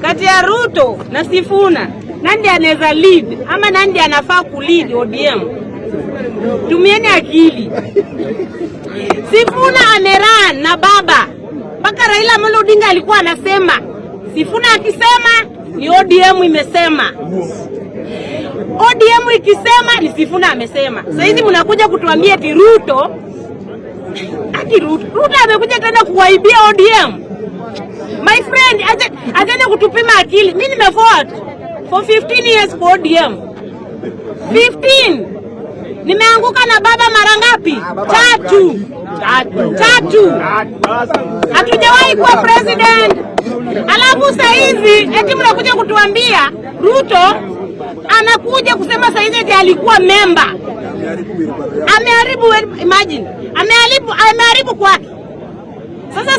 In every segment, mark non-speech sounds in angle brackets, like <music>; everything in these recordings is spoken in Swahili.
kati ya Ruto na Sifuna, nani anaweza lead ama nani anafaa kulead ODM? Tumieni akili. Sifuna ameran na baba mpaka Raila Amolo Odinga alikuwa anasema, Sifuna akisema ni ODM imesema, ODM ikisema ni Sifuna amesema. Sasa hizi mnakuja kutuambia ati Ruto ati Ruto, Ruto amekuja tena kuwaibia ODM mtupima akili. Mimi nimevote for 15 years for ODM. 15. Nimeanguka na baba mara ngapi? Ah, Tatu. Tatu. Hatujawahi kuwa president. Alafu sasa hizi eti mnakuja kutuambia Ruto anakuja kusema sasa hizi eti alikuwa memba. Ameharibu, imagine. Ameharibu, ameharibu kwake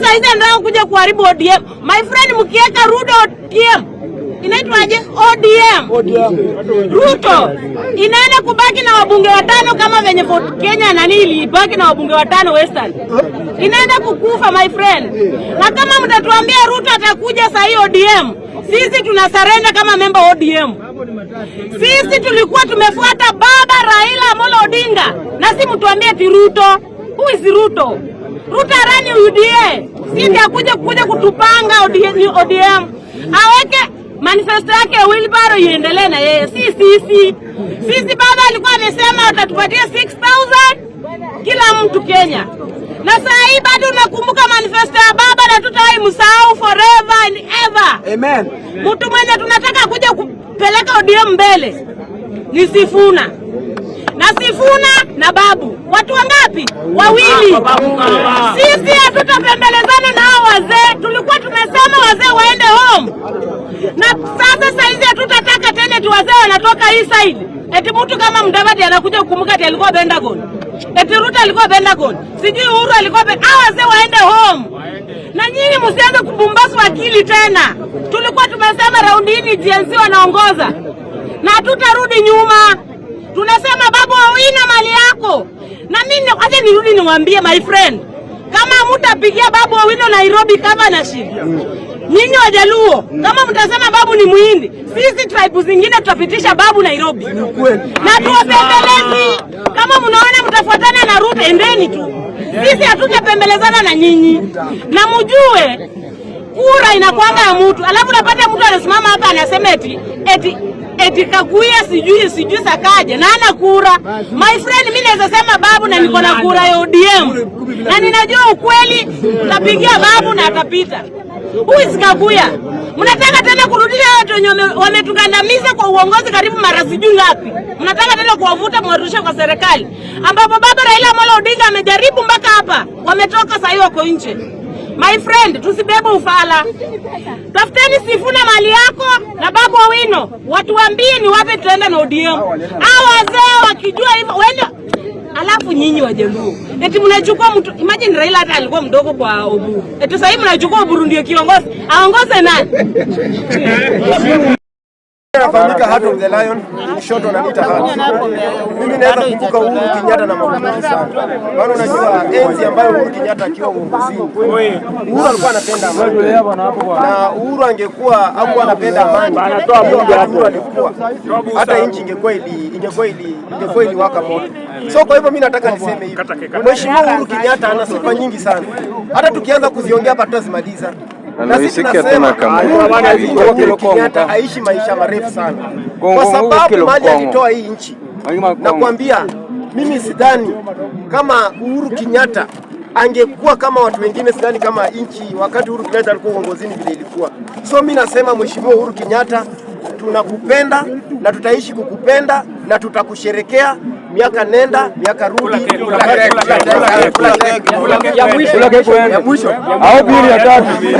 na hizo ndio kuja kuharibu ODM. My friend, mkiweka Ruto ODM inaitwaje? ODM. ODM Ruto inaenda kubaki na wabunge watano kama venye Fort Kenya na nili ibaki na wabunge watano Western, inaenda kukufa my friend. Na kama mtatuambia Ruto atakuja saa hii ODM, sisi tunasarenda kama member ODM. Sisi tulikuwa tumefuata baba Raila Amolo Odinga, na si mtuambie ti Ruto. Who is Ruto? Ruto arani UDA sindi akuja kuja kutupanga ODM, aweke manifesto yake Wilbaro iendelee na yeye, si sisi. Sisi baba alikuwa amesema atatupatia 6000 kila mtu Kenya, na saa hii bado unakumbuka manifesto ya baba, na tutawai msahau forever and ever. Amen. Mtu mwenye tunataka kuja kupeleka ODM mbele ni Sifuna na Sifuna na Babu. Watu wangapi? Wawili. Sisi hatutapembelezana na hao wazee, tulikuwa tumesema wazee waende home, na sasa saizi hatutataka tena tu wazee wanatoka hii side, eti mtu kama Mdavadi anakuja kukumbuka ati alikuwa Pentagon, eti Ruto alikuwa Pentagon, sijui Uhuru alikuwa hao wazee waende home na nyinyi msianze kubumbasu akili tena. Tulikuwa tumesema raundi hii ni jinsi wanaongoza na hatutarudi nyuma tunasema babu Owino mali yako. Na mimi acha nirudi niwaambie my friend, kama mtapigia babu Owino Nairobi kama na shida mm. nyinyi Wajaluo, kama mtasema babu ni Muhindi, sisi tribe zingine tutapitisha babu Nairobi na tuwapembelezi. Kama mnaona mtafuatana na Ruto, endeni tu, sisi hatutapembelezana na nyinyi, na mjue kura inakwanga ya mtu, alafu unapata mtu anasimama hapa anasema eti eti eti Kaguya sijui sijui sakaje na ana kura. My friend, mimi naweza sema babu na niko na kura ya ODM na ninajua ukweli, utapigia babu na atapita. Huyu si Kaguya. Mnataka tena kurudisha watu wenye wametukandamiza kwa uongozi karibu mara sijui ngapi. Mnataka tena kuwavuta mwarudishe kwa serikali ambapo baba Raila Amolo Odinga amejaribu mpaka hapa, wametoka sahii wako nje. My friend, tusibebe ufala, tafuteni Sifuna mali yako na Babu Owino watuambie ni wape tuenda na ODM. Hao wazee wakijua hivyo wende Alafu nyinyi Wajaluo eti mnachukua mtu, imagine Raila hata alikuwa mdogo kwa Oburu, eti sasa hivi mnachukua Oburu ndio kiongozi, aongoze nani? <laughs> anafahamika Heart of the Lion, shoto ananiita Heart. Mimi naweza kumbuka Uhuru Kenyatta na Magufuli sana, Bado unajua enzi ambayo Uhuru Kenyatta akiwa uongozini, Uhuru alikuwa anapenda amani, na Uhuru angekuwa hakuwa anapenda amani, Anatoa Uhuru alikuwa hata nchi ingekuwa ili ingekuwa ili ingekuwa ili waka moto. So kwa hivyo mimi nataka niseme hivi, Mheshimiwa Uhuru Kenyatta ana sifa nyingi sana, hata tukianza kuziongea hapa tutazimaliza. Kenyatta aishi maisha marefu sana, kwa sababu mali alitoa hii nchi. Nakwambia mimi sidhani kama Uhuru Kenyatta angekuwa kama watu wengine, sidhani kama nchi wakati Uhuru Kenyatta alikuwa uongozini vile ilikuwa. So mimi nasema Mheshimiwa Uhuru Kenyatta, tunakupenda na tutaishi kukupenda na tutakusherekea miaka nenda miaka rudi. Ya mwisho ya mwisho au pili ya tatu.